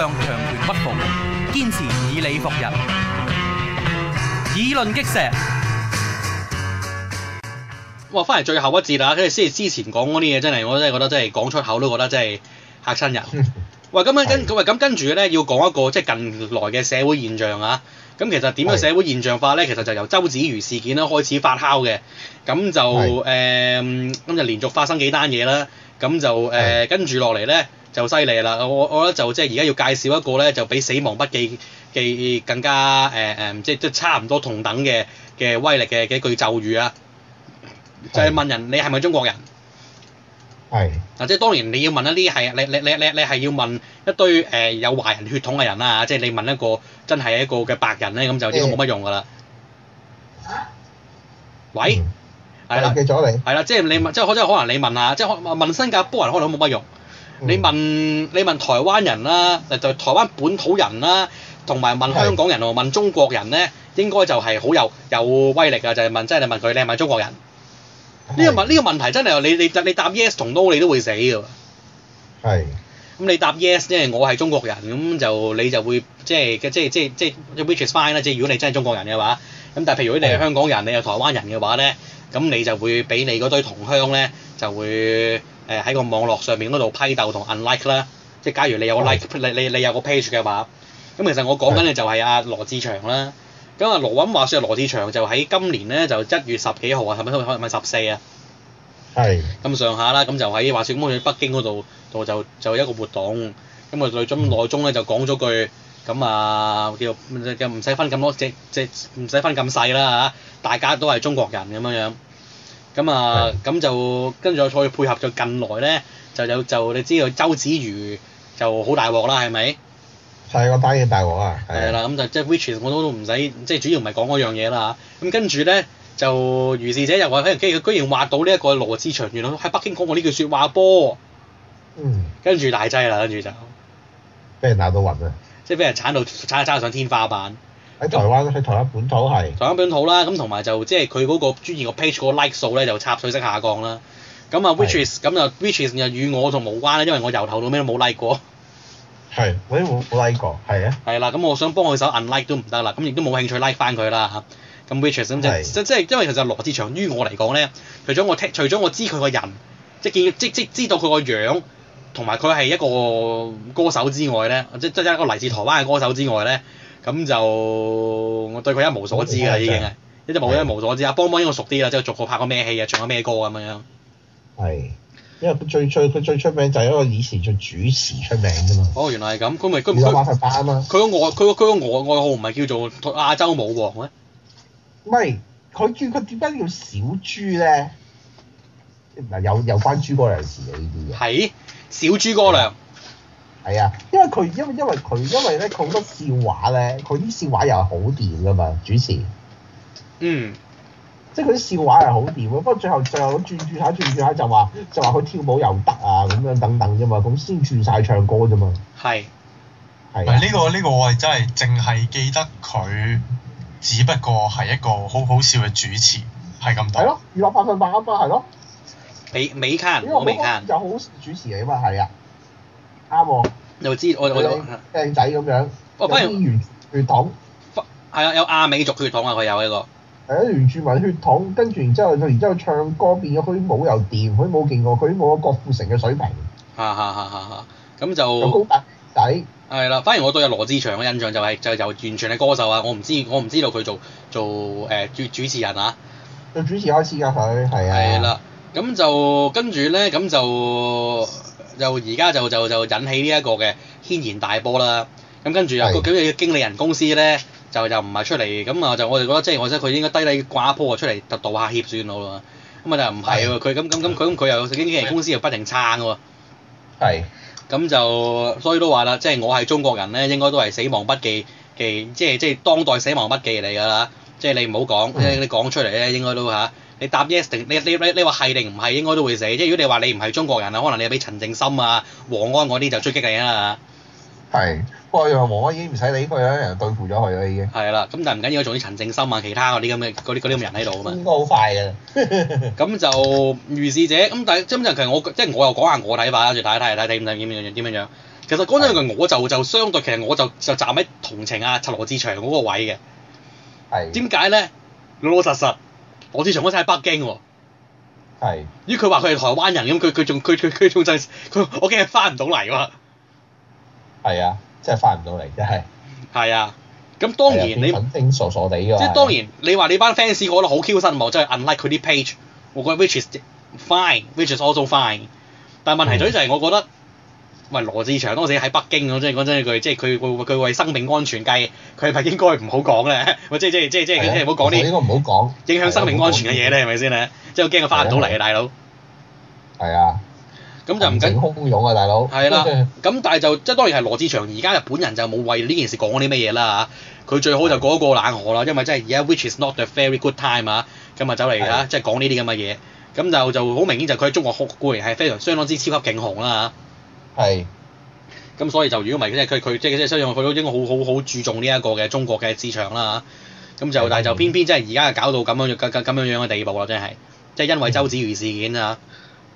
向強權不屈服，堅持以理服人，議論擊石。哇！翻嚟最後一節啦，即係先之前講嗰啲嘢，真係我真係覺得真係講出口都覺得真係嚇親人。哇！ 咁樣跟咁咁跟住咧，要講一個即係近來嘅社會現象啊！咁其實點樣社會現象化咧？是其實就由周子瑜事件啦開始發酵嘅。咁就誒，今日是、呃、連續發生幾單嘢啦。咁就誒，呃、是跟住落嚟咧。就犀利啦！我我覺得就即係而家要介紹一個咧，就比死亡筆記記更加誒誒、呃，即係都差唔多同等嘅嘅威力嘅幾句咒語啊！就係、是、問人你係咪中國人？係嗱的、啊，即係當然你要問一啲係，你你你你你係要問一堆誒、呃、有華人血統嘅人啦、啊、即係你問一個真係一個嘅白人咧，咁就呢個冇乜用㗎啦。的喂，係啦，記咗、就是、你係啦，即係你問，即係可能你問下，即、就、係、是、問新加坡人可能都冇乜用。你問你問台灣人啦、啊，就台灣本土人啦、啊，同埋問香港人喎、啊，問中國人咧，應該就係好有有威力啊！就係、是、問即係、就是、你問佢你係咪中國人？呢的、呢個問呢、呢個問題真係你你你答 yes 同 no 你都會死㗎。係的。咁你答 yes，即係我係中國人，咁就你就會即係即係即係即係 which is fine 啦，即係如果你真係中國人嘅話。咁但係譬如果你係香港人，的你係台灣人嘅話咧，咁你就會俾你嗰堆同鄉咧就會。誒喺個網絡上面嗰度批鬥同 unlike 啦，即係假如你有 like 你你你有個 page 嘅話，咁其實我講緊嘅就係阿、啊、羅志祥啦，咁啊羅咁話説羅志祥就喺今年咧就一月十幾號啊，係咪都係咪十四啊？係。咁上下啦，咁就喺話説咁好似北京嗰度度就就一個活動，咁啊內中內中咧就講咗句，咁啊叫唔使分咁多即隻，唔使分咁細啦嚇，大家都係中國人咁樣樣。咁啊，咁的就跟住再配合咗近來咧，就有就你知道周子瑜就好大鑊啦，係咪？係啊，打嘢大鑊啊！係啦，咁就即係 which 我都唔使，即係主要唔係講嗰樣嘢啦。咁跟住咧，就如是者又話，嘿、哎，佢居然話到呢一個羅志祥，原來喺北京講過呢句説話噃。嗯。跟住大劑啦，跟住就，俾人鬧到暈啊！即係俾人鏟到，鏟啊鏟上天花板。台灣，喺台灣本土係台灣本土啦，咁同埋就即係佢嗰個專業個 page 個 like 數咧，就插水式下降啦。咁啊，which is 咁啊 which is 又與我就無關咧，因為我由頭到尾都冇 like 過。係，我都冇冇 like 過。係啊。係啦，咁我想幫佢手 unlike 都唔得啦，咁亦都冇興趣 like 翻佢啦嚇。咁 which is 咁是就即即係因為其實羅志祥於我嚟講咧，除咗我聽，除咗我，我知佢個人，即見即即，即知道佢個樣，同埋佢係一個歌手之外咧，即即一個嚟自台灣嘅歌手之外咧。咁就我對佢一無所知啦，已經啊，一直冇的一無所知啊，邦邦應該熟啲啦，即係逐個拍過咩戲啊，唱過咩歌咁樣。係。因為佢最最佢最出名就係因為以前做主持出名啫嘛。哦，原來係咁，佢唔佢佢佢個外佢個佢個外外號唔係叫做亞洲舞王、啊、咩？唔係，佢叫佢點解叫小豬咧？嗱，有有，有關豬哥亮事啊呢啲嘢。係小豬哥亮。係啊，因為佢因為因為佢因為咧佢好多笑話咧，佢啲笑話又係好掂噶嘛，主持。嗯，mm. 即係佢啲笑話係好掂啊，不過最後最後轉轉下轉轉下就話就話佢跳舞又得啊咁樣等等啫嘛，咁先轉晒唱歌啫嘛。係，係啊。呢個呢個我係真係淨係記得佢，只不過係一個好好笑嘅主持係咁多。係咯，娛樂百分百啊嘛，係咯。美卡，美卡就好主持嚟啊嘛，係啊。啱喎，又知我我就靚仔咁樣，有啲原血統，係啊，啊，有阿美族血統啊，佢有一個。係啊，原住民血統，跟住然之後，佢然之後，後唱歌變咗，佢啲舞又掂，佢啲舞勁過，佢啲舞郭富城嘅水平。哈哈哈！哈、啊、哈，咁、啊啊啊嗯、就有高達仔。係啦，反而我對阿羅志祥嘅印象就係、是、就係、是、由完全係歌手啊，我唔知我唔知道佢做做誒主、呃、主持人啊。做主持開始噶佢。係啊。係啦，咁就跟住咧，咁就。嗯嗯嗯嗯就而家就就就引起呢一個嘅軒然大波啦。咁跟住又個咁嘅經理人公司咧，就就唔係出嚟，咁啊就我哋覺得即係我覺得佢應該低低掛一樖啊出嚟就道下歉算咯。咁啊就唔係喎，佢咁咁咁佢咁佢又經理人公司又不停撐喎。係。咁就所以都話啦，即係我係中國人咧，應該都係死亡筆記嘅，即係即係當代死亡筆記嚟㗎啦。即係你唔好講，即係你講出嚟咧，應該都嚇。你答 yes 定你你你你話係定唔係應該都會死。即係如果你話你唔係中國人啊，可能你俾陳正心啊、黃安嗰啲就追擊你啊嘛。係。不過又黃安已經唔使理佢，不過有人對付咗佢啦已經。係啦，咁但係唔緊要，仲有陳正心啊，其他嗰啲咁嘅啲啲咁嘅人喺度啊嘛。應該好快嘅。咁就如是者，咁但係真就其實我即係我又講下我睇法，跟住睇睇睇睇點樣點樣點樣其實講真句，的我就就相對其實我就就站喺同情啊陳羅志祥嗰個位嘅。係的。點解咧？老老實實。我之前冠希喺北京喎，哦，係是。於是佢話佢係台灣人，咁佢佢仲佢佢佢仲真，佢我驚佢翻唔到嚟喎。係啊，真係翻唔到嚟真係。係啊，咁當然你肯定、啊、傻傻地㗎。即係當然，你話你班 fans 我覺得好 Q 身喎，即係 unlike 佢啲 page，我覺得 which is fine，which is also fine。但係問題就係我覺得。嗯唔係羅志祥當時喺北京，我真係講真一句，即係佢佢佢為生命安全計，佢係咪應該唔好講咧。我即係即係即係即係唔好講啲，應該唔好講，影響生命安全嘅嘢咧，係咪先咧？即係我驚佢翻唔到嚟啊，大佬。係啊。咁就唔緊。天空洶湧啊，大佬。係啦，咁但係就即係當然係羅志祥而家日本人就冇為呢件事講啲乜嘢啦嚇。佢最好就過一過冷河啦，因為即係而家 which is not a very good time 啊，咁日走嚟嚇即係講呢啲咁嘅嘢，咁就就好明顯就佢喺中國哭固然係非常相當之超級勁紅啦係，咁、嗯、所以就如果唔係，佢佢即係即係，所以佢都應該好好好注重呢一個嘅中國嘅市場啦，咁就、嗯嗯、但係就偏偏即係而家搞到咁樣咁咁咁樣樣嘅地步啦，真係，即係因為周子瑜事件啊。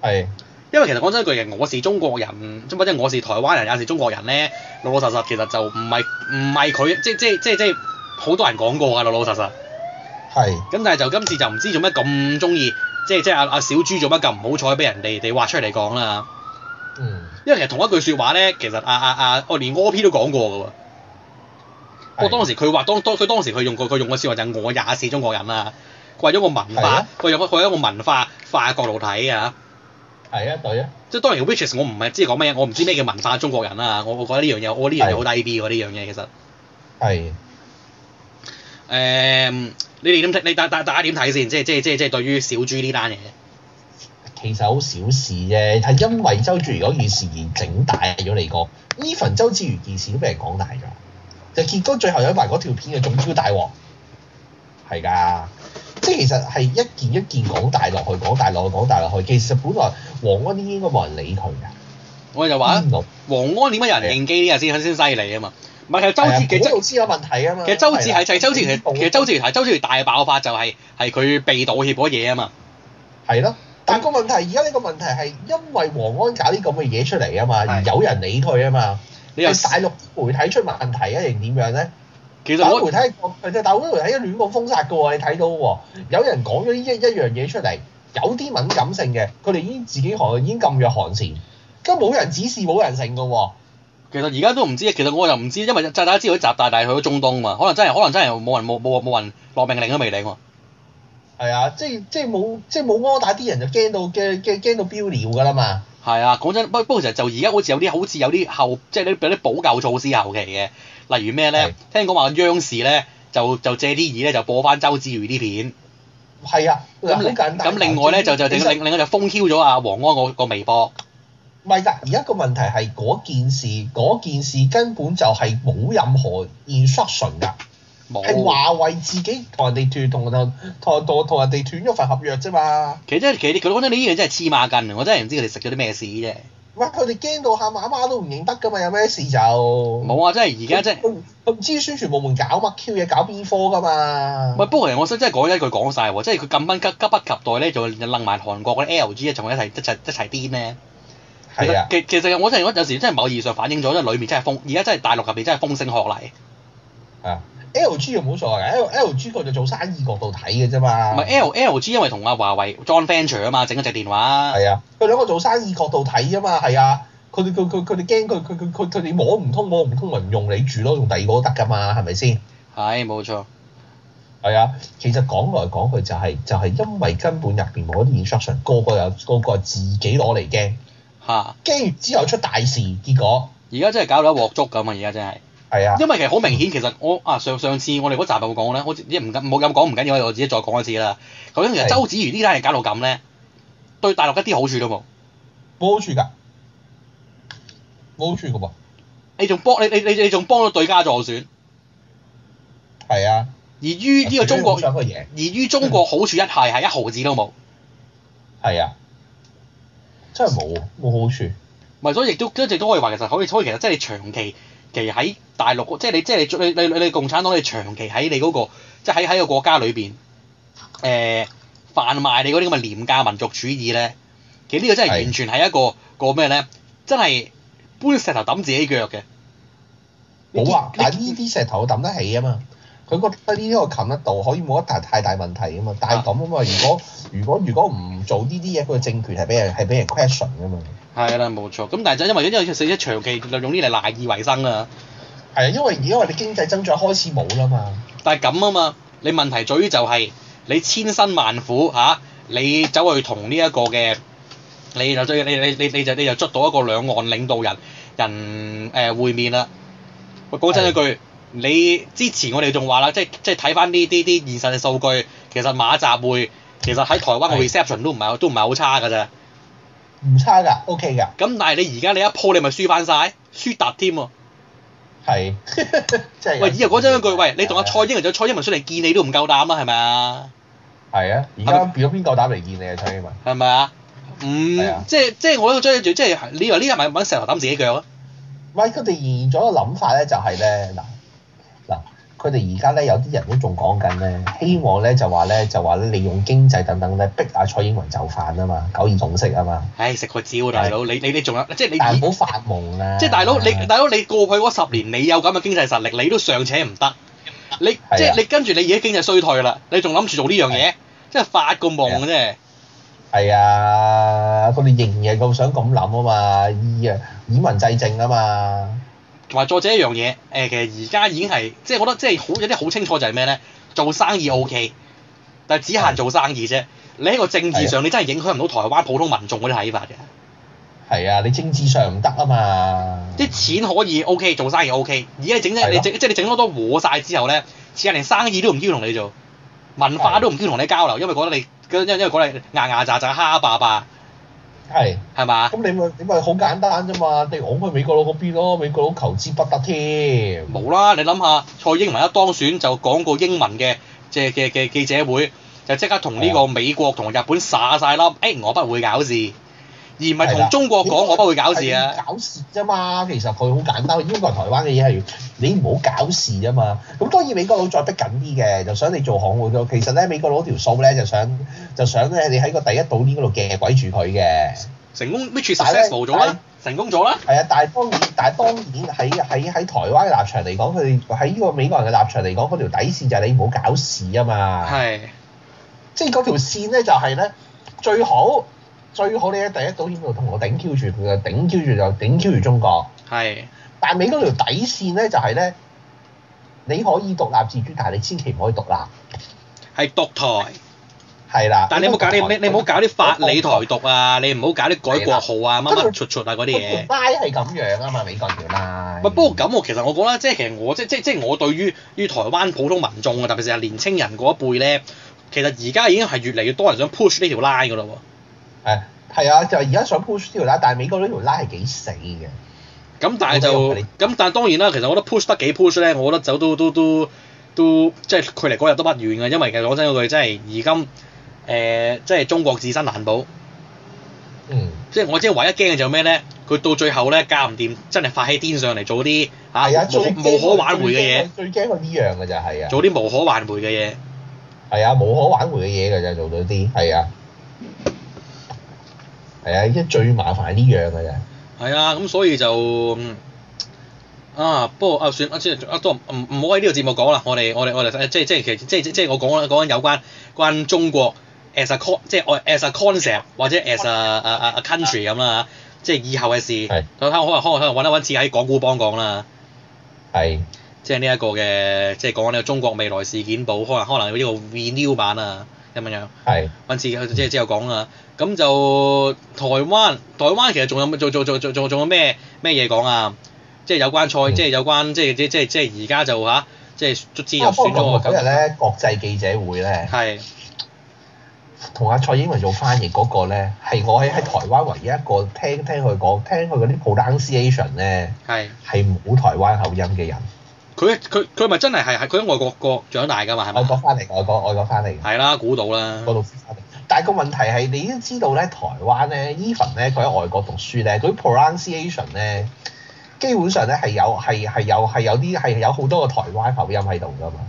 係、嗯。因為其實講真一句，其實我是中國人，即係或我是台灣人也是中國人咧，老老實實其實就唔係唔係佢，即係即係即係即係好多人講過㗎老老實實。係的。咁但係就今次就唔知做乜咁中意，即係即係阿阿小豬做乜咁唔好彩俾人哋哋挖出嚟講啦。因為其實同一句説話咧，其實阿阿阿，我連 OP 都講過噶喎。的我當時佢話，當當佢當時佢用個佢用嘅説話就係、是、我也是中國人，佢為咗個文化，佢咗為咗個文化化角度睇啊。係啊，對啊。即係當然 which is 我唔係知講咩，我唔知咩叫文化中國人啊。我我覺得呢樣嘢，我呢樣嘢好的低 B 啊！呢樣嘢其實係。誒的、呃，你哋點睇？你大大大家點睇先？即係即係即係即係對於小豬呢單嘢。其實好小事啫，係因為周子瑜嗰件事而整大咗嚟個。e 份周子瑜件事都俾人講大咗，就結果最後有埋嗰條片啊，仲超大鑊。係㗎，即係其實係一件一件講大落去，講大落去，講大落去。其實本來黃安啲應該冇人理佢㗎。我就話：黃有安點解人應機啲啊？先先犀利啊嘛。唔係，其實周子的瑜即係老師有問題啊嘛。其實周子係，其實周子其實周子瑜係周子瑜大爆發就係係佢被道歉嗰嘢啊嘛。係咯。個問題，而家呢個問題係因為黃安搞啲咁嘅嘢出嚟啊嘛，的有人理佢啊嘛。你又是大陸媒體出問題啊定點樣咧？其實我啲媒體，大部分媒體都亂噉封殺嘅喎。你睇到喎，有人講咗一一樣嘢出嚟，有啲敏感性嘅，佢哋已經自己韓已經噤若寒蟬，咁冇人指示冇人性嘅喎。其實而家都唔知，其實我又唔知，因為大家知道習大大去咗中東啊嘛，可能真係可能真係冇人冇冇冇人，人，人落命令都未領。係啊，即係即係冇即係冇柯打啲人就驚到驚驚驚到飆尿㗎啦嘛！係啊，講真不不過其實就而家好似有啲好似有啲後即係啲俾補救措施後期嘅，例如咩咧？啊、聽講話央視咧就就借啲錢咧就播翻周子瑜啲片。係啊，咁好那簡單。咁另外咧就就另另外就封鎖咗阿黃安個個微博。唔係，而家個問題係嗰件事嗰件事根本就係冇任何 information 㗎。係華為自己同人哋斷同同同同人哋斷咗份合約啫嘛。其實真係，其實講真，你呢樣真係黐孖筋我真係唔知佢哋食咗啲咩屎啫。唔係佢哋驚到喊，阿媽都唔認得㗎嘛？有咩事就冇啊！真係而家真係佢唔知宣傳部門搞乜 Q 嘢，搞邊科㗎嘛？不過其實我真係講一句講晒喎，即係佢咁急急不及待咧，仲要楞埋韓國嗰啲 LG 咧，仲一齊一齊一齊癲咧。係啊。其實其實我真係有時真係某意義上反映咗，即係裏面真係風，而家真係大陸入邊真係風聲鶴唳。係啊。L.G. 又冇所謂，L.L.G. 佢就做生意角度睇嘅啫嘛。唔係 L.L.G. 因為同阿華為 Joint Venture 啊嘛，整嗰隻電話。係啊。佢兩個做生意角度睇啊嘛，係啊。佢哋佢佢佢哋驚佢佢佢佢哋摸唔通摸唔通咪唔用你住咯，用第二個得㗎嘛，係咪先？係冇錯。係啊，其實講來講去就係、是、就係、是、因為根本入邊冇啲 instruction，個個有，個個自己攞嚟驚。嚇哈。驚完之後出大事，結果。而家真係搞到一鑊粥咁啊！而家真係。係啊，因為其實好明顯，其實我啊上上次我哋嗰集有講咧，我唔緊冇有講唔緊要，我我自己再講一次啦。究竟其實周子瑜呢單嘢搞到咁咧，對大陸一啲好處都冇，冇好處㗎，冇好處嘅噃，你仲幫你你你你仲幫到對家助選，係啊，而於呢個中國而於中國好處一係係嗎一毫子都冇，係啊，真係冇冇好處，唔係所以亦都一直都可以話其實可以可以其實即係你長期其喺。大陸即係你，即係你，你你你共產黨，你長期喺你嗰個即係喺喺個國家裏邊誒販賣你嗰啲咁嘅廉價民族主義咧，其實呢個真係完全係一個是個咩咧？真係搬石頭揼自己腳嘅冇啊！但係呢啲石頭揼得起啊嘛！佢覺得呢啲我冚得度可以冇一太太大問題啊嘛！但係咁啊嘛，如果如果如果唔做呢啲嘢，佢個政權係俾人係俾人 question 啊嘛！係啦，冇錯咁，但係就因為因為死為長期就用呢啲嚟賴以為生啊！係啊，因為家我哋經濟增長開始冇啦嘛。但係咁啊嘛，你問題在於就係、是、你千辛萬苦嚇、啊，你走去同呢一個嘅，你就你你你你就你就捉到一個兩岸領導人人誒、呃、會面啦。喂，講真一句，的你之前我哋仲話啦，即係即係睇翻呢啲啲現實嘅數據，其實馬習會其實喺台灣嘅 reception 的都唔係都唔係好差㗎啫。唔差㗎，OK 㗎。咁但係你而家你一破你咪輸翻晒，輸突添喎。係，即係喂，以前嗰陣一句，的喂，的你同阿蔡英文就的蔡英文出嚟見你都唔夠膽啊，係咪啊？係啊，而家變咗邊夠膽嚟見你啊，蔡英文？係咪啊？嗯，即係即係我都追住，即係你話呢個咪揾石頭揼自己腳咯？喂，佢哋現咗嘅諗法咧就係咧嗱嗱。 佢哋而家咧有啲人都仲講緊咧，希望咧就話咧就話咧利用經濟等等咧逼阿蔡英文就範啊，啊嘛，九二共識啊嘛。唉的，食個蕉，大佬，你你你仲有，即係你唔好發夢啦，啊。即係大佬的你，大佬你過去嗰十年，你有咁嘅經濟實力，你都尚且唔得。你的即係你跟住你而家經濟衰退啦，你仲諗住做呢樣嘢，即係發個夢嘅真係。係啊，佢哋仍然係咁想咁諗啊嘛，以啊以民制政啊嘛。同埋再者一樣嘢，誒其實而家已經係，即係覺得即係好有啲好清楚就係咩咧？做生意 OK，但係只限做生意啫。你喺個政治上，你真係影響唔到台灣普通民眾嗰啲睇法嘅。係啊，你政治上唔得啊嘛。啲錢可以 OK，做生意 OK。而家整你整即係你整多多和晒之後咧，似係連生意都唔要同你做，文化都唔要同你交流，因為覺得你，因因為覺得你牙牙雜雜、蝦霸霸。係係嘛？咁你咪你咪好簡單啫嘛！定我去美國佬嗰邊咯，美國佬求之不得添。冇啦！你諗下，蔡英文一當選就講過英文嘅即係嘅嘅記者會，就即刻同呢個美國同日本撒晒笠，誒、哎、我不會搞事。而唔係同中國講，我不會搞事啊！搞事啫嘛，其實佢好簡單。英國台灣嘅嘢係你唔好搞事啊嘛。咁當然美國佬再逼緊啲嘅，就想你做航母咯。其實咧，美國佬條數咧就想就想咧，你喺個第一島鏈嗰度夾鬼住佢嘅。成功 s u c c 咗啦，成功咗啦。係啊，但係當然，但係當然喺喺喺台灣嘅立場嚟講，佢喺呢個美國人嘅立場嚟講，嗰條底線就係你唔好搞事啊嘛。係，即係嗰條線咧就係咧最好。最好咧，你第一，導演佢同我頂 Q 住，佢又頂 Q 住，就頂 Q 住中國。係是，但係美國條底線咧就係、是、咧，你可以獨立自主，但係你千祈唔可以獨立，係獨台，係啦的。但係你唔好搞立你你唔好搞啲法理台獨啊！獨立你唔好搞啲改國號啊、乜乜出出啊嗰啲嘢。Line 係咁樣啊嘛，美國條 line 不，不過咁、啊、其實我覺得，即係其實我，其實我即即即我對於於台灣普通民眾啊，特別是係年青人嗰一輩咧，其實而家已經係越嚟越多人想 push 呢條 line 噶咯喎。誒係 啊，啊，就係而家想 push 呢條拉，但係美國嗰條拉係幾死嘅。咁但係就咁，但係當然啦。其實我覺得 push 得幾 push 咧，我覺得走都都都都即係距離嗰日都不遠嘅。因為其實講真嗰句，真係而今誒，即係中國自身難保。嗯、即係我即係唯一驚嘅就係咩咧？佢到最後咧，搞唔掂，真係發起癲上嚟做啲、啊啊、做啲無可挽回嘅嘢最怕。最驚佢呢樣嘅就係。做啲無可挽回嘅嘢。係 啊，無可挽回嘅嘢㗎咋做到啲係啊。 係啊，依家最麻煩呢樣嘅啫。係啊，咁所以就啊，不過啊，算啊，算啊，都唔唔好喺呢個節目講啦。我哋我哋我哋即即其實即即即我講緊講有關關中國 as a con 即係 as a concept 或者 as a, a country, 啊啊 a country 咁啦，即係以後嘅事。係對。可能可能可能揾一揾次喺港股幫講啦。係是。即係呢一個嘅即係講呢個中國未來事件簿，可能可能有呢個 renew 版啊。咁樣樣，搵自己佢即係之後講啦。咁的、嗯、就台灣，台灣其實仲有，仲仲仲仲仲仲有咩咩嘢講啊？即係有關蔡，嗯、即係有關，即係即即即而家就話，即係逐漸入選咗。今日咧國際記者會咧，係同阿蔡英文做翻譯嗰個咧，係我喺喺台灣唯一一個聽聽佢講，聽佢嗰啲 pronunciation 咧，係冇台灣口音嘅人。佢佢佢咪真係係係佢喺外國國長大㗎嘛，係嘛？外國翻嚟，外國外國翻嚟。係啦，估到啦。個但係個問題係，你都知道咧，台灣咧，Even 咧，佢喺外國讀書咧，佢 pronunciation 咧，基本上咧係有係係有係有啲係有好多個台灣口音喺度㗎嘛。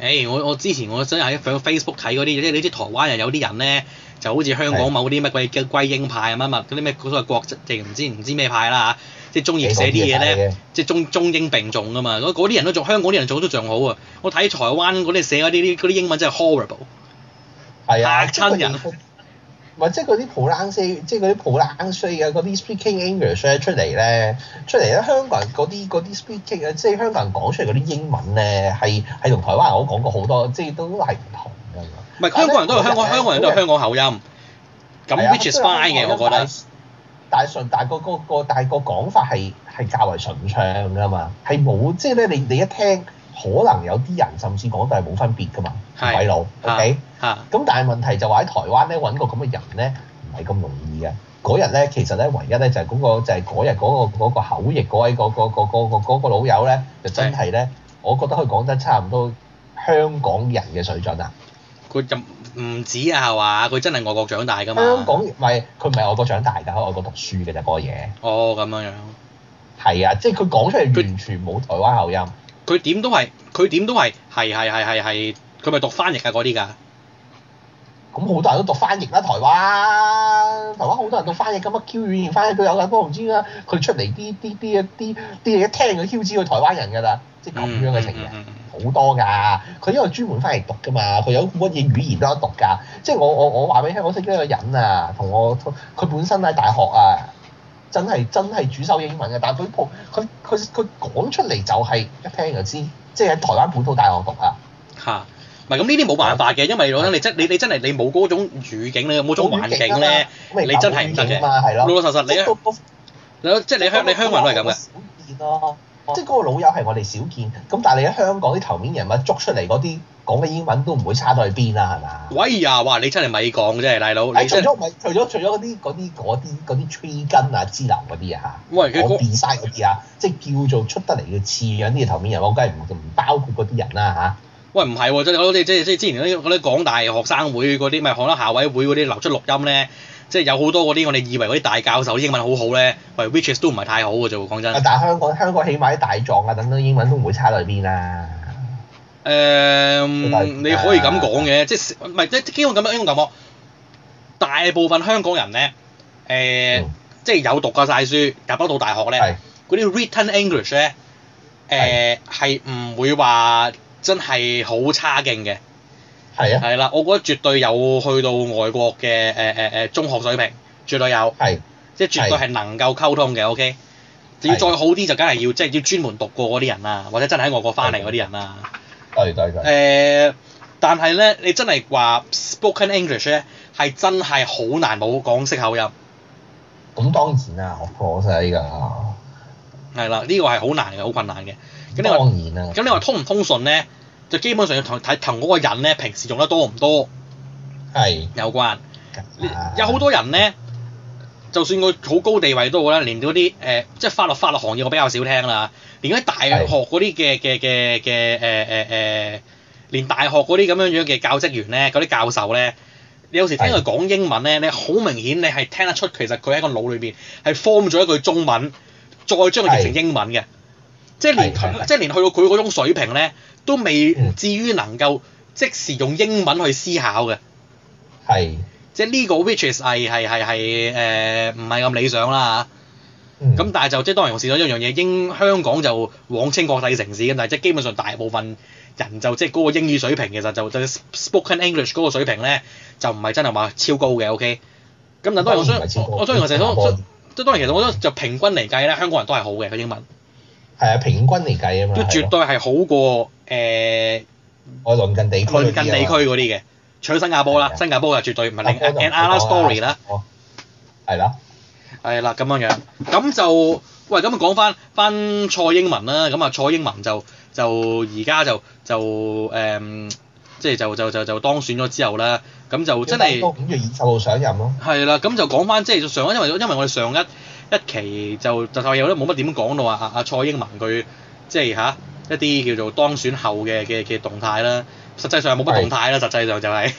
誒、欸，我我之前我想喺 Facebook 睇嗰啲，即係你知台灣人有啲人咧。就好似香港某啲乜鬼嘅歸英派咁啊嘛，嗰啲咩所謂國字定唔知唔知咩派啦，即係中意寫啲嘢咧，即係中，中中英並重啊嘛。嗰啲人都做，香港啲人做仲好啲，我睇台灣嗰啲寫嗰啲啲嗰啲英文真係 horrible，的嚇親人。唔係即係嗰啲普朗斯，即係嗰啲普朗斯啊，嗰啲 Speaking English 出嚟咧，出嚟咧香港人嗰啲嗰啲 Speak 即係香港人講出嚟嗰啲英文咧，係係同台灣人我講過好多，即係都係唔同。唔係香港人都係香港，香港人都係香港口音，咁 which is fine 嘅，我覺得。但係純，但係個個個，但係個講法係係較為順暢㗎嘛，係冇即係咧，你你一聽，可能有啲人甚至講得係冇分別㗎嘛，鬼佬，OK，吓。咁但係問題就話喺台灣咧搵個咁嘅人咧唔係咁容易嘅。嗰日咧其實咧唯一咧就係嗰個就係嗰日嗰個嗰個口譯嗰位嗰個嗰個嗰個老友咧就真係咧，我覺得佢講得差唔多香港人嘅水準啦。佢就唔止啊，係嘛？佢真係外國長大㗎嘛。香港唔係佢唔係外國長大㗎，喺外國讀書嘅啫，嗰個嘢。哦，咁樣樣。係啊，即係佢講出嚟完全冇台灣口音。佢點都係，佢點都係，係係係係係，佢咪讀翻譯啊嗰啲㗎？咁好多人都讀翻譯啦，台灣台灣好多人都讀翻譯，咁啊 Q 語言翻譯都有㗎，都唔知啦。佢出嚟啲啲啲啊啲啲嘢，一聽佢 Q 知佢台灣人㗎啦，即係咁樣嘅情形。好多㗎，佢因為專門翻嚟讀㗎嘛，佢有乜嘢語言都得讀㗎。即係我我我話俾香港識得一個人啊，同我佢本身喺大學啊，真係真係主修英文嘅，但係佢佢佢佢講出嚟就係一聽就知，即係喺台灣本土大學讀啊。嚇，唔係咁呢啲冇辦法嘅，因為我覺得你真你你真係你冇嗰種語境，你冇嗰種環境咧，你真係唔得嘅。嘛！老老實實你都都，你即係你香你香港人都係咁嘅。咯。即係嗰個老友係我哋少見，咁但係你喺香港啲頭面人物捉出嚟嗰啲講嘅英文都唔會差到去邊啊，係嘛？喂呀，哇！你真係咪講真係，大佬你真係除咗除咗除咗嗰啲嗰啲啲啲吹筋啊、支流嗰啲啊喂，我變曬嗰啲啊，即係叫做出得嚟嘅似樣啲頭面人物我梗係唔唔包括嗰啲人啦嚇。喂，唔係，即係即係即係之前嗰啲啲港大學生會嗰啲，咪好多校委會嗰啲流出錄音咧。即係有好多嗰啲我哋以為嗰啲大教授英文好好咧，喂，whiches 都唔係太好嘅啫，講真。但係香港香港起碼啲大狀啊等等英文都唔會差到邊啦。誒、呃，啊、你可以咁講嘅，即係唔係即係基本上英語感覺，大部分香港人咧，誒、呃，嗯、即係有讀過晒書，入得到大學咧，嗰啲、嗯、是 written English 咧，誒係唔會話真係好差勁嘅。係啊，係啦，我覺得絕對有去到外國嘅誒誒誒中學水平，絕對有，係的，即係絕對係能夠溝通嘅，OK 的。要再好啲就梗係要，即係要專門讀過嗰啲人啊，或者真係喺外國翻嚟嗰啲人啊。係，係，係、呃。但係咧，你真係話 spoken English 咧，係真係好難冇港式口音。咁當然啦、啊，我駝仔㗎。係啦、啊，呢個係好難嘅，好困難嘅。當然啦、啊。咁你話通唔通順咧？就基本上要同睇同嗰個人咧，平時用得多唔多，係的、啊、有關。有好多人咧，就算佢好高地位都好啦，連嗰啲誒，即係法律法律行業，我比較少聽啦。連嗰啲大學嗰啲嘅嘅嘅嘅誒誒誒，連大學嗰啲咁樣樣嘅教職員咧，嗰啲教授咧，你有時聽佢講英文咧，你好的、哎、明顯你係聽得出，其實佢喺個腦裏邊係 form 咗一句中文，再將佢譯成英文嘅的、哎，即係連即係連去到佢嗰種水平咧。都未至於能夠即時用英文去思考嘅，係是，即係、這、呢個 whiches 係係係係唔係咁理想啦咁、嗯、但係就即係當然用試咗一樣嘢，英香港就往稱國際城市嘅，但係即係基本上大部分人就即係嗰個英語水平其實就就，就 spoken English 嗰個水平咧就唔係真係話超高嘅，ok，咁但係當然我我雖然我成日都即係當然其實我覺得就平均嚟計咧，香港人都係好嘅個英文，係啊，平均嚟計啊嘛，都絕對係好過。誒，哎、我係鄰近地區，鄰近地區嗰啲嘅，除咗新加坡啦，的新加坡就絕對唔係另 another story 啦，係啦、啊，係、啊、啦，咁、啊、樣樣，咁就喂，咁啊講翻翻蔡英文啦，咁啊蔡英文就就而家就就誒，即、嗯、係就是、就就就，就，就當選咗之後咧，咁就真係五月二十號上任咯、啊，係啦，咁就講翻即係上因為因為我哋上一一期就就有都冇乜點講到啊阿蔡英文佢即係吓。就是一啲叫做當選後嘅嘅嘅動態啦，實際上冇乜動態啦，的實際上就係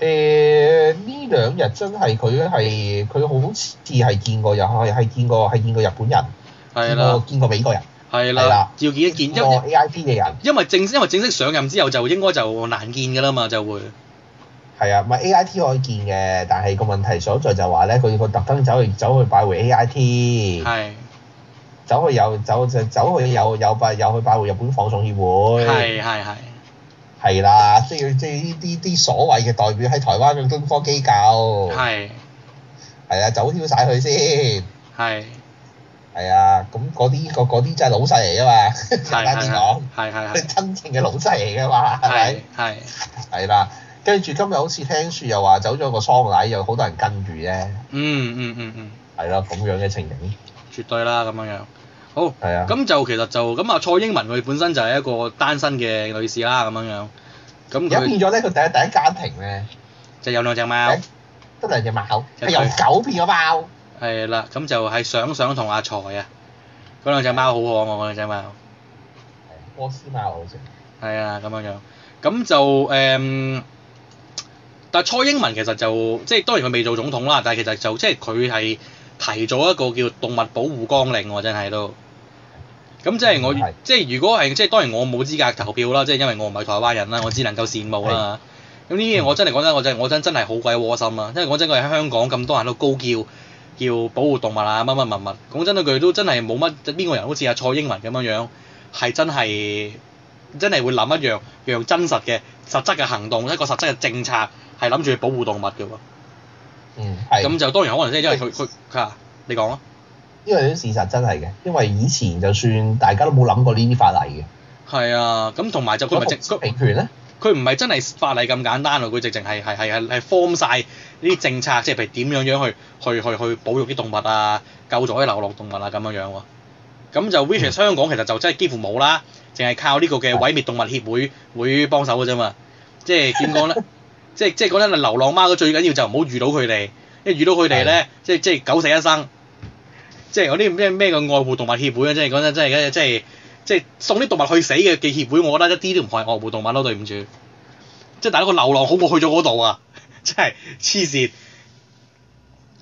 誒呢兩日真係佢係佢好似係見過日係係見過係見過日本人，的見過見過美國人，係啦的，照見的見一個 A I T 嘅人，因為，因為正因為正式上任之後就應該就難見㗎啦嘛，就會係啊，咪 A I T 可以見嘅，但係個問題所在就話咧，佢佢特登走去走去拜會 A I T。係。走，走，走，走去又走就走去又又拜又去拜會日本放送協會。係係係。係啦，即係即係呢啲啲所謂嘅代表喺台灣嘅東科機構。係。係啊，走挑晒佢先。係。係啊，咁嗰啲啲真係老細嚟噶嘛？大家啲講，係係真正嘅老細嚟噶嘛？係係係啦。跟住今日好似聽説又話走咗個喪禮，有好多人跟住啫、嗯。嗯嗯嗯嗯。係咯、嗯，咁樣嘅情形。 絕對啦咁樣樣，好，咁就其實就咁啊！蔡英文佢本身就係一個單身嘅女士啦，咁樣樣，咁佢而家變咗咧，佢第一第一家庭咧，就有兩隻貓，得兩隻貓，係由狗變咗貓，係啦，咁就係想想同阿才啊，嗰兩隻貓好可愛，嗰兩隻貓，係波斯貓好正，係啊，咁樣樣，咁就誒，但係蔡英文其實就即係當然佢未做總統啦，但係其實就即係佢係。提早一個叫動物保護綱領喎、啊，真係都咁即係我、嗯、即係如果係即係當然我冇資格投票啦，即係因為我唔係台灣人啦，我只能夠羨慕啦。咁呢樣我真係講真，我就我真真係好鬼窩心啊！因為我真，我喺香港咁多人都高叫，叫保護動物啊，乜乜乜物。講真一句都真係冇乜邊個人好似阿蔡英文咁樣樣，係真係真係會諗一樣，用真實嘅實質嘅行動，一個實質嘅政策係諗住去保護動物嘅喎、啊。嗯，係。咁就當然可能即係因為佢佢嚇，你講啊。因為啲事實真係嘅，因為以前就算大家都冇諗過呢啲法例嘅。係啊，咁同埋就佢咪係政佢權咧。佢唔係真係法例咁簡單咯、啊，佢直情係係係係 form 曬呢啲政策，即係譬如點樣樣去去去去保育啲動物啊，救助啲流浪動物啊咁樣樣、啊、喎。咁就 WeChat、嗯、香港其實就真係幾乎冇啦，淨係靠呢個嘅愛護動物協會的會幫手嘅啫嘛。即係點講咧？ 即係即係講真，流浪貓嘅最緊要就唔好遇到佢哋，因為遇到佢哋咧，即係即係九死一生。即係我啲咩咩嘅愛護動物協會咧，即係講真，真係真係即係送啲動物去死嘅嘅協會，我覺得一啲都唔係愛護動物咯，對唔住。即係大係嗰個流浪好冇去咗嗰度啊！真係黐線。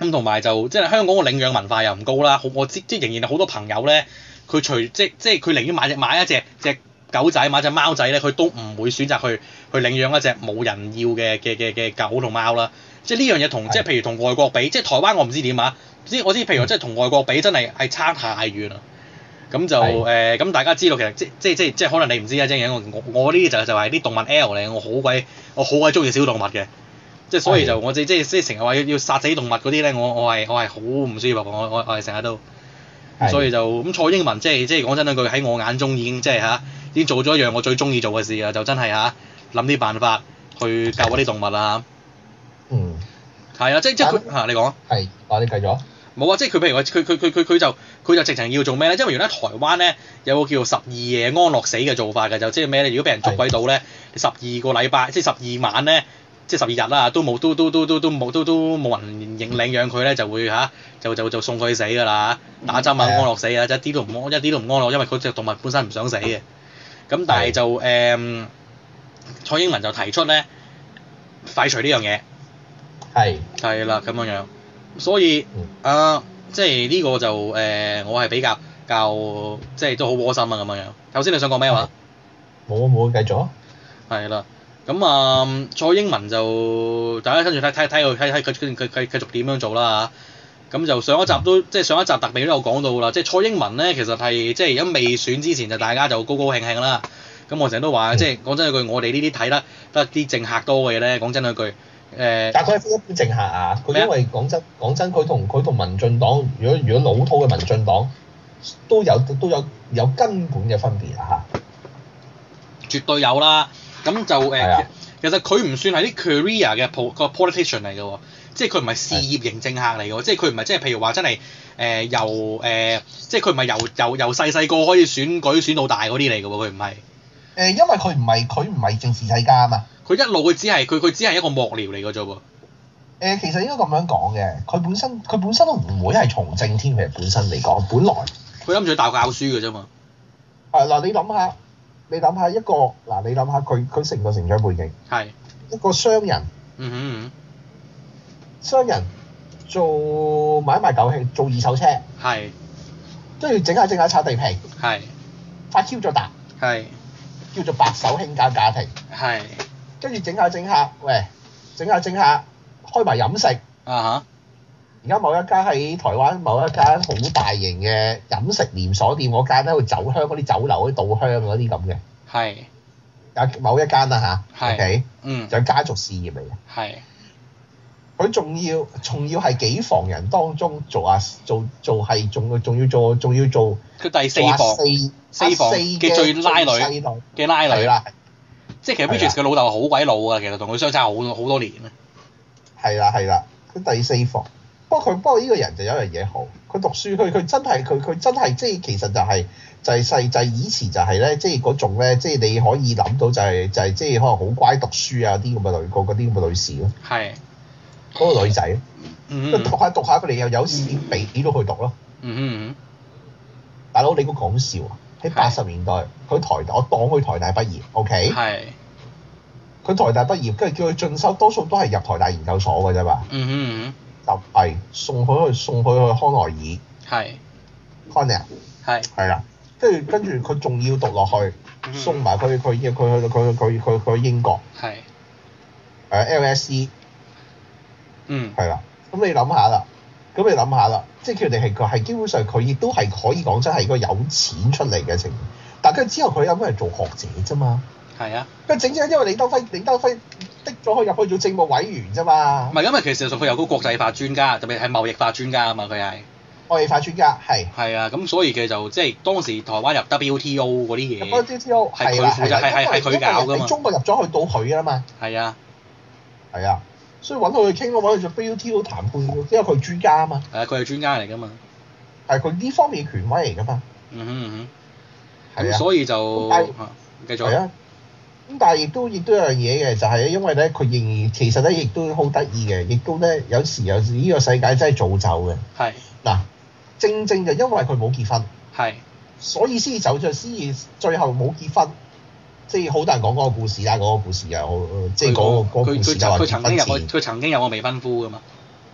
咁同埋就即係香港個領養文化又唔高啦，我，我即即仍然有好多朋友咧，佢隨即即係佢寧願買隻買一隻隻狗仔買隻貓仔咧，佢都唔會選擇去。去領養一隻冇人要嘅嘅嘅嘅狗同貓啦，即係呢樣嘢同即係譬如同外國比，嗯、即係台灣我唔知點啊！知我知，譬如即係同外國比真，真係係差太遠啦。咁就誒，咁是、呃、大家知道其實即即即即,即,即可能你唔知啊！一陣嘢我我呢啲就就係啲動物 L 嚟，我好鬼我好鬼中意小動物嘅，即係所以就的我即即即成日話要要殺死動物嗰啲咧，我我係我係好唔舒服，我我 practice, 我係成日都，所以就咁蔡英文即係即係講真句喺我眼中已經即係嚇已經做咗一樣我最中意做嘅事啊！就真係嚇。即 諗啲辦法去救嗰啲動物啊！嗯，係啊，即即佢嚇你講啊，係，快啲繼續。冇啊，即係佢譬如佢佢佢佢佢就佢就直情要做咩咧？因為原來台灣咧有個叫做十二夜安樂死嘅做法嘅，就即係咩咧？如果俾人捉鬼到咧，十二是個禮拜即係十二晚咧，即係十二日啦，都冇都都都都都冇都都冇人認領養佢咧，就會吓、啊，就就就,就,就送佢去死㗎啦，打針啊安樂死啊，一啲都唔安一啲都唔安樂，因為嗰隻動物本身唔想死嘅。咁但係的就誒。嗯蔡英文就提出咧廢除呢樣嘢，係係啦咁樣樣，所以誒即係呢個就誒我係比較較即係都好窩心啊咁樣樣。頭先你想講咩話？冇啊冇啊，繼續啊！係啦，咁啊蔡英文就大家跟住睇睇睇佢睇睇佢佢佢繼續點樣做啦，咁就上一集都即係上一集特別都有講到啦，即係蔡英文咧其實係即係而家未選之前就大家就高高興興啦。咁我成日都話，嗯、即係講真一句，我哋呢啲睇得得啲政客多嘅嘢咧。講真一句，誒、呃。但係佢係一般政客啊！佢因為講麼真，講真，佢同佢同民進黨，如果如果老土嘅民進黨都有都有都有，有根本嘅分別啊！嚇，絕對有啦。咁就誒的、呃，其實佢唔算係啲 career 嘅 po politician 嚟嘅喎，即係佢唔係事業型政客嚟嘅喎，即係佢唔係即係譬如話真係誒由誒，即係佢唔係由由由細細個可以選舉選到大嗰啲嚟嘅喎，佢唔係。誒，因為佢唔係佢唔係政治世家啊嘛。佢一路佢只係佢佢只係一個幕僚嚟嘅啫喎。誒，其實應該咁樣講嘅，佢本身佢本身都唔會係從政添嘅。本身嚟講，本來佢諗住大教書嘅啫嘛。係嗱，你諗下，你諗下一個嗱，你諗下佢佢成個成長背景係一個商人，嗯哼，商人做買賣狗氣，做二手車係，都要整下整下拆地皮係，發嬌再打係，叫做白手興家家庭，係跟住整下整下，喂，整下整下，開埋飲食，啊嚇！而家某一間喺台灣某一間好大型嘅飲食連鎖店，嗰間咧會酒香嗰啲酒樓嗰啲稻香嗰啲咁嘅，係，有某一間啦嚇，OK，嗯，就有家族事業嚟嘅，係。佢仲要仲要係幾房人當中做啊？做做係仲仲要做仲要做佢第四房，啊、四,四房嘅最拉女嘅拉女，的的即係其實 Witcher 老豆好鬼老啊。其實同佢相差好好多年啊。係啦係啦，佢第四房。不過佢不過呢個人就有一樣嘢好，佢讀書，佢佢真係佢佢真係即係其實就係、是、就係細制以前就係、是、咧，即係嗰種咧，即、就、係、是、你可以諗到就係、是、就係即係可能好乖讀書啊啲咁嘅女個嗰啲咁嘅女士咯，係。的嗰個女仔，讀下讀下，佢哋又有錢俾俾到佢讀咯。嗯嗯。大佬，你估講笑啊？喺八十年代，佢台我當佢台大畢業，OK？係。佢台大畢業，跟住叫佢進修，多數都係入台大研究所嘅啫嘛。嗯哼。特別送佢去，送佢去康奈爾。係。Cornell 係。係，跟住跟住佢仲要讀落去，送埋佢佢佢佢佢佢佢去英國。係。誒，LSE。嗯，嗯，係啦、嗯，咁你諗下啦，咁你諗下啦，即係佢哋係佢係基本上佢亦都係可以講真係個有錢出嚟嘅成，但佢之後佢有咩人做學者啫嘛？係是啊，佢正正因為李登輝，李登輝的咗可入去做政務委員啫嘛？唔係，因為其實佢有係個國際法專家，特別係貿易法專家啊嘛，佢係貿易法專家係。係啊，咁所以其實就即係當時台灣入 WTO 嗰啲嘢，入 WTO 係係係係佢搞嘅。中國入咗去到佢啊嘛？係是啊，係是啊。所以揾佢去傾咯，揾佢做 B U T O 談判，因為佢係專家啊嘛。係啊，佢係專家嚟㗎嘛。係佢呢方面嘅權威嚟㗎嘛嗯。嗯哼嗯哼。係啊。所以就，繼但、啊、續。係啊。咁但係亦都亦都有樣嘢嘅，就係、是、因為咧，佢仍然其實咧亦都好得意嘅，亦都咧有時有呢、這個世界真係造就嘅。係是。嗱，正正就因為佢冇結婚。係是。所以先至走，再先至最後冇結婚。即係好多人講嗰個故事啦，嗰個故事又即係嗰故事就話佢曾經有個佢曾經有個未婚夫噶嘛。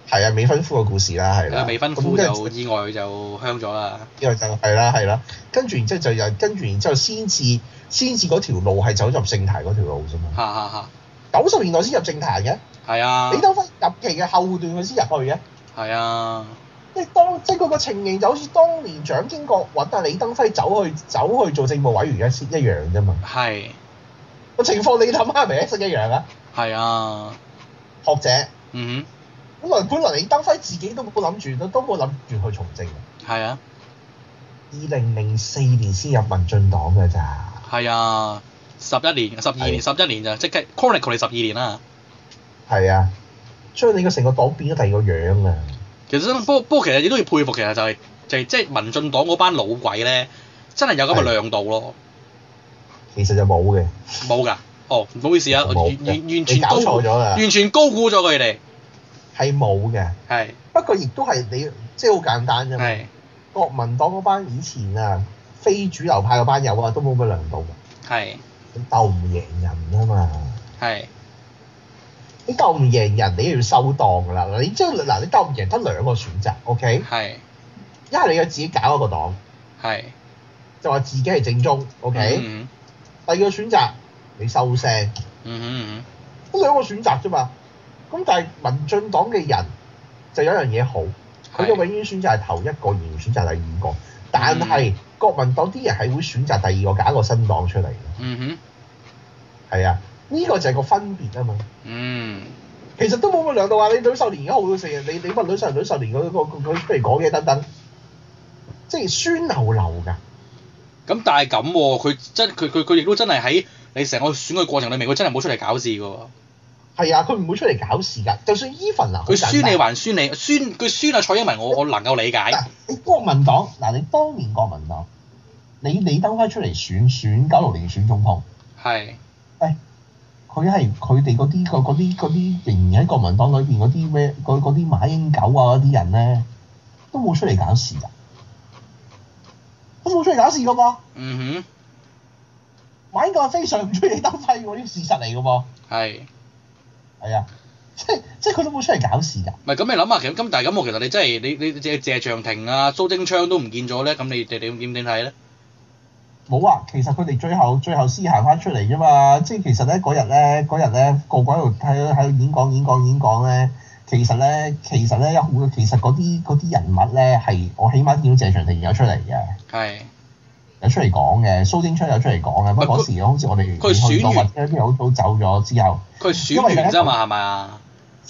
係啊，未婚夫嘅故事啦，係啦。未婚夫就意外就香咗啦。因為就係啦，係啦。跟住然之後就又跟住然之後先至先至嗰條路係走入政壇嗰條路啫嘛。嚇嚇嚇！九十年代先入政壇嘅。係啊。你都分入期嘅後段，佢先入去嘅。係啊。即係即係佢個情形就好似當年蔣經國揾阿李登輝走去走去做政務委員一一樣啫嘛。係是。個情況你諗下係咪一式一樣啊？係啊。學者。嗯哼本來本來李登輝自己都冇諗住，都冇諗住去從政嘅。係啊。二零零四年先入民進黨嘅咋。係啊，十一年、十二年、十一是年咋。即係 c o n g i n g k l i 十二年啦。係啊，所以你嘅成個黨變咗第二個樣啊！其實，不過不過，其實亦都要佩服，其實就係就係即係民進黨嗰班老鬼咧，真係有咁嘅量度咯。其實就冇嘅。冇㗎，哦，唔好意思啊，完完全搞錯咗啦，完全高估咗佢哋，係冇嘅。係，不過亦都係你即係好簡單啫嘛。係。國民黨嗰班以前啊，非主流派嗰班友啊，都冇咁嘅量度㗎。係。鬥唔贏人啊嘛。係。你鬥唔贏人，你就要收檔㗎啦。嗱，你即係嗱，你鬥唔贏得兩個選擇，OK？係是。一係你要自己搞一個黨，係是。就話自己係正宗，OK？嗯嗯。第二個選擇，你收聲。嗯嗯嗯。得兩個選擇啫嘛。咁但係民進黨嘅人就有一樣嘢好，佢就永遠選擇係頭一個，而唔選擇第二個。但係、嗯嗯、國民黨啲人係會選擇第二個搞一個新黨出嚟。嗯哼、嗯。係、嗯、啊。呢個就係個分別啊嘛，嗯，其實都冇乜兩到話。你呂秀蓮而家好好食日，你你問呂秀蓮、呂秀蓮嗰個佢不如講嘢等等，即係酸溜溜㗎。咁但係咁喎，佢真佢佢佢亦都真係喺你成個選舉過程裡面，佢真係冇出嚟搞事㗎。係啊，佢唔會出嚟搞事㗎。就算伊芙琳佢酸你還酸你酸佢酸啊！蔡英文我，我我能夠理解你。你國民黨嗱，你當年國民黨，你李登輝出嚟選選，選九六年選總統係，誒。是哎佢係佢哋嗰啲個啲啲仍然喺國民黨裏邊嗰啲咩啲馬英九啊嗰啲人咧，都冇出嚟搞事㗎，都冇出嚟搞事㗎噃。嗯哼，馬英九係非常唔出嚟拮肺喎，呢個事實嚟㗎噃。係是，係啊，即係即係佢都冇出嚟搞事㗎。唔係咁你諗下，其實咁大係咁，我其實你真係你你謝謝長廷啊、蘇貞昌都唔見咗咧，咁你你點點點睇咧？冇啊，其實佢哋最後最後先行翻出嚟啫嘛，即係其實咧嗰日咧嗰日咧，個鬼喺喺度演講演講演講咧，其實咧其實咧有好，其實嗰啲啲人物咧，係我起碼見到謝長廷是有出嚟嘅，有出嚟講嘅，蘇貞昌有出嚟講嘅，不過嗰時好似他我哋們佢選完咧，啲人走咗之後，佢選完啫嘛，係咪啊？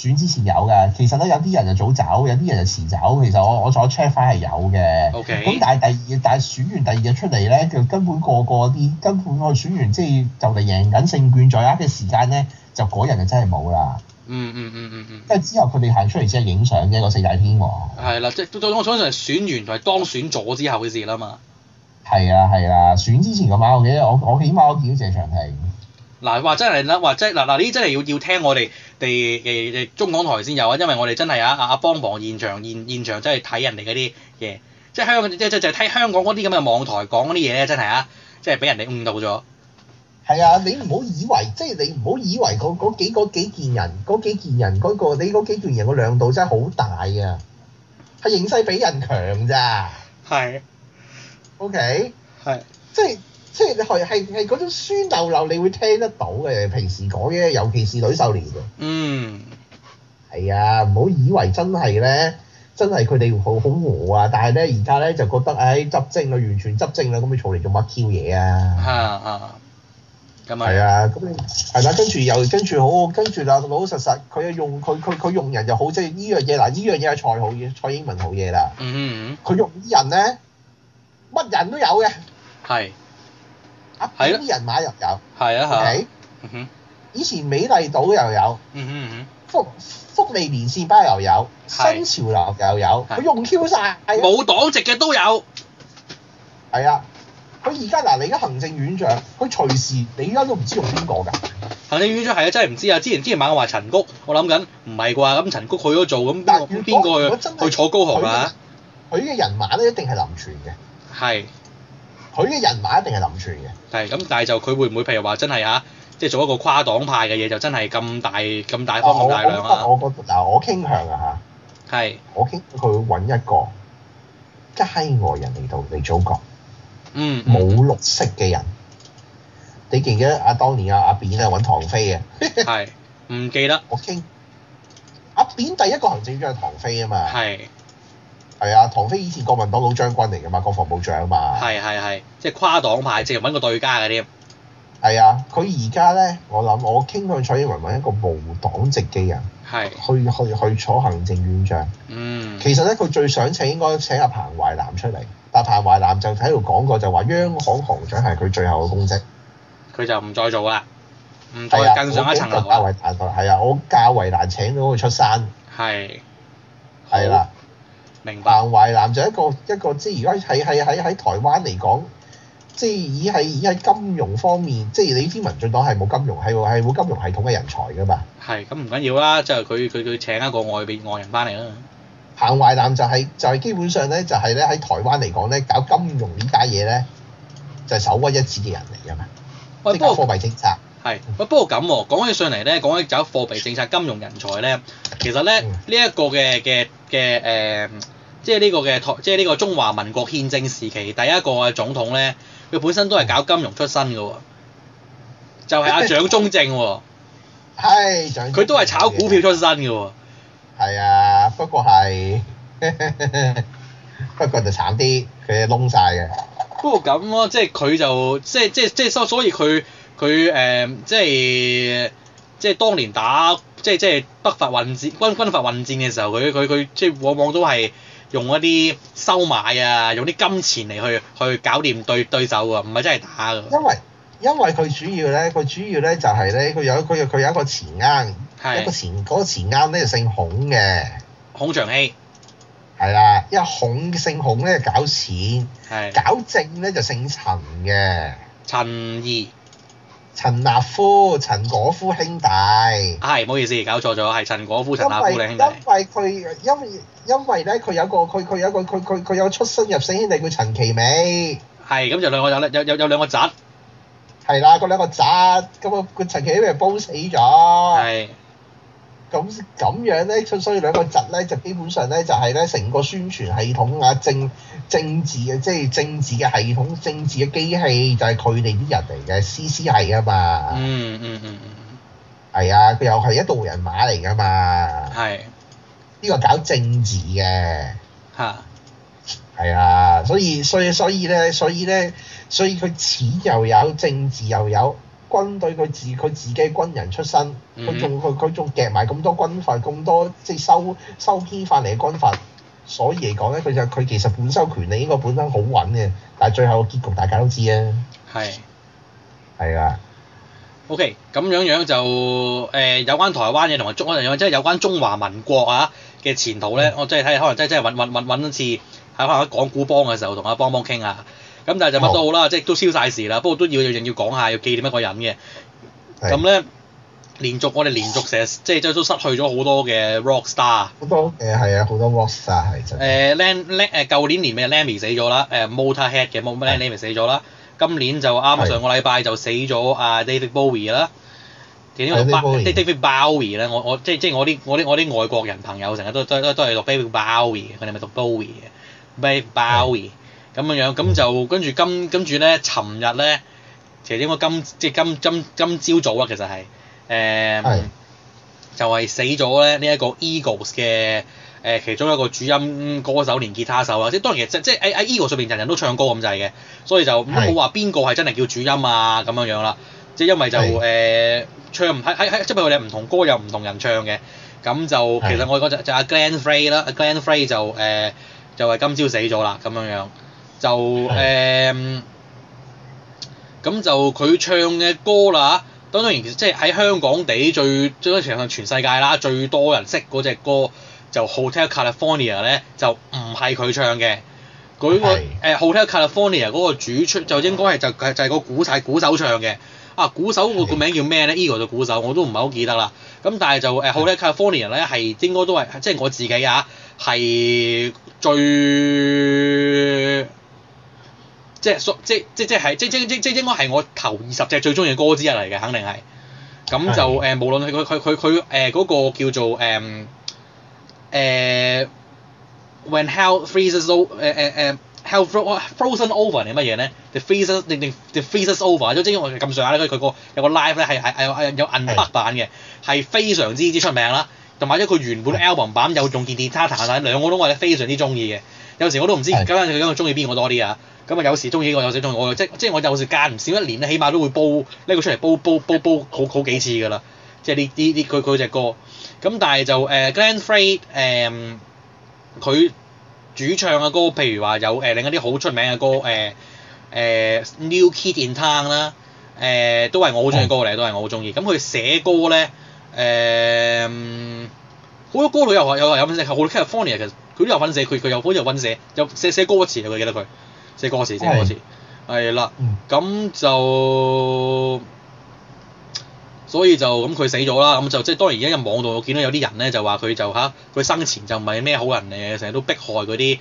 選之前有㗎，其實咧有啲人就早走，有啲人就遲走。其實我我再 check 翻係有嘅，咁 Okay. 但係第二但係選完第二日出嚟咧，就根本個個啲根本我選完即係就嚟、是、贏緊勝券在握嘅時間咧，就嗰日就真係冇啦。嗯嗯嗯嗯嗯，即、hmm. 係之後佢哋行出嚟先係影相啫，個四大天王。係啦，即係我我相信係選完同埋當選咗之後嘅事啦嘛。係啊係啊，選之前嗰晚我記得，我我起碼我見到謝長廷。嗱話真係啦，話真嗱，嗱呢啲真係要要聽我哋地、誒中港台先有啊，因為我哋真係啊啊啊幫忙現場現現場真係睇人哋嗰啲嘢，即係香即即就係睇香港嗰啲咁嘅網台講嗰啲嘢咧，真係啊，即係俾人哋誤導咗。係啊，你唔好以為即係你唔好以為嗰嗰幾幾件人嗰幾件人嗰個你嗰幾件人個量度真係好大啊！係形勢比人強咋。係。O K。係。即係。即係你係係係嗰種酸溜溜，你會聽得到嘅。平時講嘅，尤其是女秀蓮。嗯，係啊，唔好以為真係咧，真係佢哋好好餓啊！但係咧，而家咧就覺得誒執政啦，完全執政啦，咁佢坐嚟做乜 Q 嘢啊？係啊，係啊，咁咪係啊，咁、啊啊啊、你係啦、啊，跟住又跟住好，跟住啊老老實實，佢又用佢佢佢用人就好，即係呢樣嘢嗱，呢樣嘢係蔡好嘢，蔡英文好嘢啦。嗯嗯佢用人咧，乜人都有嘅。係。啊！啲人馬又有？係啊！嚇，以前美麗島又有，福福利連線包又有，新潮流又有，佢用 Q 晒，冇黨籍嘅都有。係啊！佢而家嗱，你而家行政院長，佢隨時你而家都唔知用邊個㗎？行政院長係啊，真係唔知啊！之前之前猛話陳菊，我諗緊唔係啩？咁陳菊去咗做，咁邊個邊個去坐高雄啊？佢嘅人馬咧一定係林全嘅。係。佢嘅人馬一定係臨存嘅。係，咁但係就佢會唔會譬如話真係啊，即係做一個跨黨派嘅嘢，就真係咁大咁大方咁大量啊？我覺得我個，嗱我傾向啊嚇。係。我傾佢會揾一個街外人嚟到嚟組閣。嗯。冇綠色嘅人。你記唔記得阿當年阿阿扁啊揾唐飛嘅？係。唔記得。我傾。阿扁第一個行政長係唐飛啊嘛。係。係啊，唐飛以前國民黨老將軍嚟㗎嘛，國防部長嘛。係係係，即係跨黨派，直係揾個對家㗎添。係啊，佢而家咧，我諗我傾向蔡英文揾一個無黨籍嘅人，係去去去坐行政院長。嗯。其實咧，佢最想請應該請阿彭淮南出嚟，但彭淮南就喺度講過，就話央行行長係佢最後嘅公職，佢就唔再做啦，唔再更上一層樓。係啊，我較為難請到佢出山。係。係啦。彭淮南就一個一個，即係而家係係喺喺台灣嚟講，即係已係已係金融方面，即係你知民進黨係冇金融，係係冇金融系統嘅人才㗎嘛。係，咁唔緊要啦，即係佢佢佢請一個外邊外人翻嚟啦。彭淮南就係、是、就係、是、基本上咧，就係咧喺台灣嚟講咧，搞金融呢家嘢咧，就係、是、首屈一指嘅人嚟㗎嘛，即係喂貨幣政策。係不過咁喎，講起上嚟咧，講起走貨幣政策、金融人才咧，其實咧呢一、這個嘅嘅嘅誒，即係呢個嘅台，即係呢個中華民國憲政時期第一個嘅總統咧，佢本身都係搞金融出身嘅喎，就係、是、阿、啊、蔣中正喎，係，佢都係炒股票出身嘅喎，係啊、 哎，不過係，不過就慘啲，佢係窿晒嘅。不過咁咯，即係佢就即係即係即係所所以佢。佢誒，呃、即係即係當年打即係即係北伐混戰軍軍閥混戰嘅時候，佢佢佢即係往往都係用一啲收買啊，用啲金錢嚟去去搞掂對對手啊。唔係真係打㗎。因為因為佢主要咧，佢主要咧就係咧，佢有佢佢有，有，有一個錢罌，一個錢嗰個錢罌咧就姓孔嘅。孔祥熙。係啦，因為孔姓孔咧就搞錢，是的 搞政咧就姓陳嘅。是的 陳毅。陳立夫、陳果夫兄弟，係唔好意思，搞錯咗，係陳果夫、為陳立夫兄弟。因為佢，因為因為咧，佢有個佢佢有個佢佢佢有個出生入死兄弟，叫陳其美。係，咁就兩個有咧，有有兩個侄。係啦，佢兩個侄，咁啊，佢陳其美煲死咗。係的。咁咁樣咧，所以兩個侄咧，就基本上咧，就係咧，成個宣傳系統啊，正。政治啊，即係政治嘅系統，政治嘅機器就係佢哋啲人嚟嘅，C C 係啊嘛。嗯嗯嗯嗯。係、嗯嗯、啊，佢又係一道人馬嚟噶嘛。係是。呢個搞政治嘅。嚇哈。係啊，所以所以所以咧，所以咧，所以佢錢又有，政治又有，軍隊佢自佢自己軍人出身，佢仲佢佢仲夾埋咁多軍費，咁多即係收收編返嚟嘅軍閥。所以嚟講咧，佢就佢其實本身權利呢個本身好穩嘅，但係最後個結局大家都知啊。係是，係啊吧。OK，咁樣樣就誒、呃、有關台灣嘅，同埋中國、啊嗯，可能即係有關中華民國啊嘅前途咧，我真係睇，可能真係真係揾揾揾揾一次喺可能港股幫嘅時候同阿邦邦傾下。咁但係就乜都好啦，哦、即係都消晒事啦。不過都要樣樣要講下，要紀念一個人嘅。咁咧是。連續我哋連續成即係都失去咗好多嘅 rock star，好多誒係啊，好多 rock star 係真。Lemmy 舊年年尾 Lemmy 死咗啦，誒 Motorhead 嘅 Lemmy 死咗啦。今年就啱啱上個禮拜就死咗阿 David Bowie 啦，點解讀 B David Bowie 咧？我我即係即係我啲我啲我啲外國人朋友成日都都都都係讀 Bowie 佢哋咪讀 Bowie 嘅，B Bowie 咁樣樣咁就跟住今跟住咧，尋日咧其實應該今即係今今今朝早啊，其實係。誒、uh, Yes. 就係死咗咧呢一、這個 Eagles 嘅誒、呃、其中一個主音歌手連結他手啊，即係當然其實即係喺 Eagles 上面人人都唱歌咁滯嘅，所以就都冇話邊個係真係叫主音啊咁樣樣啦，即係因為就誒 Yes.、呃、唱唔喺喺喺即係佢哋唔同歌又唔同人唱嘅，咁就 Yes. 其實我嗰隻就是、阿 Glenn Frey 啦 Fre，阿 Glenn Frey 就誒就係今朝死咗啦咁樣樣，就誒咁 Yes.、嗯、就佢唱嘅歌啦當然，即係喺香港地最，最多場上，全世界啦，最多人識嗰隻歌就呢《就那個是 uh, Hotel California》咧，就唔係佢唱嘅。佢個 Hotel California》嗰個主唱就應該係就係就係、是、個鼓曬鼓手唱嘅。啊，鼓手個名叫咩咧？呢、這個就鼓手我都唔係好記得啦。咁但係就誒《uh, Hotel California》咧，係應該都係即係我自己啊，係最。即係所即即即係即即即即應該係我頭二十隻最中意嘅歌之一嚟嘅，肯定係。咁就誒， 無論佢佢佢佢誒嗰個叫做誒誒、呃呃、When Hell Freezes Over 誒誒誒 Hell、uh, Frozen Over 定乜嘢咧？The Freezes The Freezes Over，即係我咁上下咧，佢個有個 live 咧係係係有銀黑版嘅，係非常之之出名啦。同埋咗佢原本 album 版有仲見電結他彈啦，兩個都我非常之中意嘅。有時我都唔知而家佢而家中意邊個多啲啊！ 咁啊、嗯！有時中意呢個，有時中意我即係即係我有時間唔少一年咧，起碼都會煲呢個出嚟煲煲煲煲好好幾次㗎啦。即係呢啲呢佢佢隻歌。咁但係就誒 Glenn Frey 誒，佢、呃呃、主唱嘅歌，譬如話有誒、呃、另一啲好出名嘅歌誒誒、呃呃《New Kid in Town》啦，誒都係我好中意歌嚟，都係我好中意。咁佢、嗯、寫歌咧誒，好、呃、多歌佢又話有份寫，喺 California 其實佢都有份寫，佢佢有好似有份寫，有寫寫歌詞佢記得佢。即係歌詞，即係歌詞，係啦。咁、嗯、就所以就咁佢死咗啦。咁就即係當然而家嘅網度我見到有啲人咧就話佢就吓，佢生前就唔係咩好人嚟嘅，成日都迫害嗰啲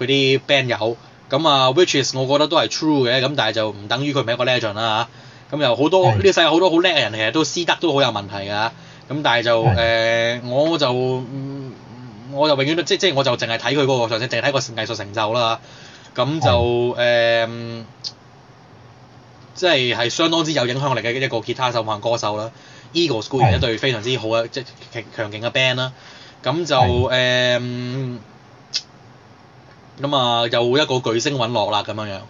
嗰啲 band 友。咁啊，which is 我覺得都係 true 嘅。咁但係就唔等於佢唔係一個 legend 啦嚇。咁又好多呢、嗯、個世界好多好叻嘅人，其實都私德都好有問題嘅。咁但係就誒、嗯呃、我就我就永遠都即即係我就淨係睇佢嗰個成績，淨係睇個藝術成就啦。咁就誒，即係係相當之有影響力嘅一個結他手同歌手啦。Eagles 雖然一隊非常之好嘅即強強勁嘅 band 啦，咁就誒，咁啊又一個巨星殞落啦咁樣樣。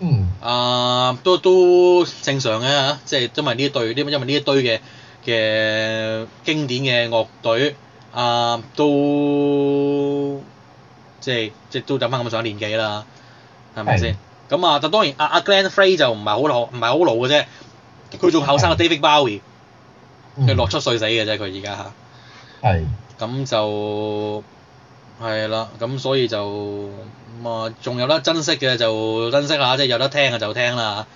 嗯。啊，都都正常嘅嚇，即係因為呢一對，因為呢一堆嘅嘅經典嘅樂隊啊都。即係即係都揼翻咁上下年紀啦，係咪先？咁是的 啊，啊就當然阿阿 Glenn Frey 就唔係好老，唔係好老嘅啫。佢仲後生嘅 David Bowie，佢是的 落出歲死嘅啫，佢而家嚇。係是的。咁就係啦，咁所以就啊，仲有得珍惜嘅就珍惜下，即係有得聽嘅就聽啦。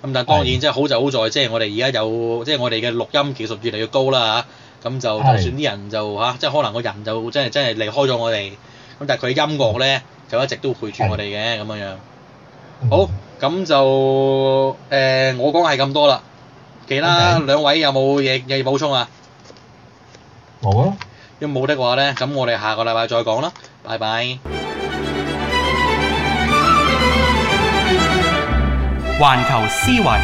咁但係當然即係是的 好就好在，即係我哋而家有，即係我哋嘅錄音技術越嚟越高啦嚇。咁就就算啲人就嚇是的、啊，即係可能個人就真係真係離開咗我哋。咁但係佢音樂咧，就一直都陪住我哋嘅咁樣樣。好，咁就誒，我講係咁多啦。其他，兩位有冇嘢又要補充啊？冇啊。如果冇的話咧，咁我哋下個禮拜再講啦。拜拜。環球思維，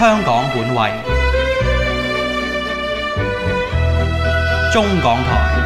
香港本位，中港台。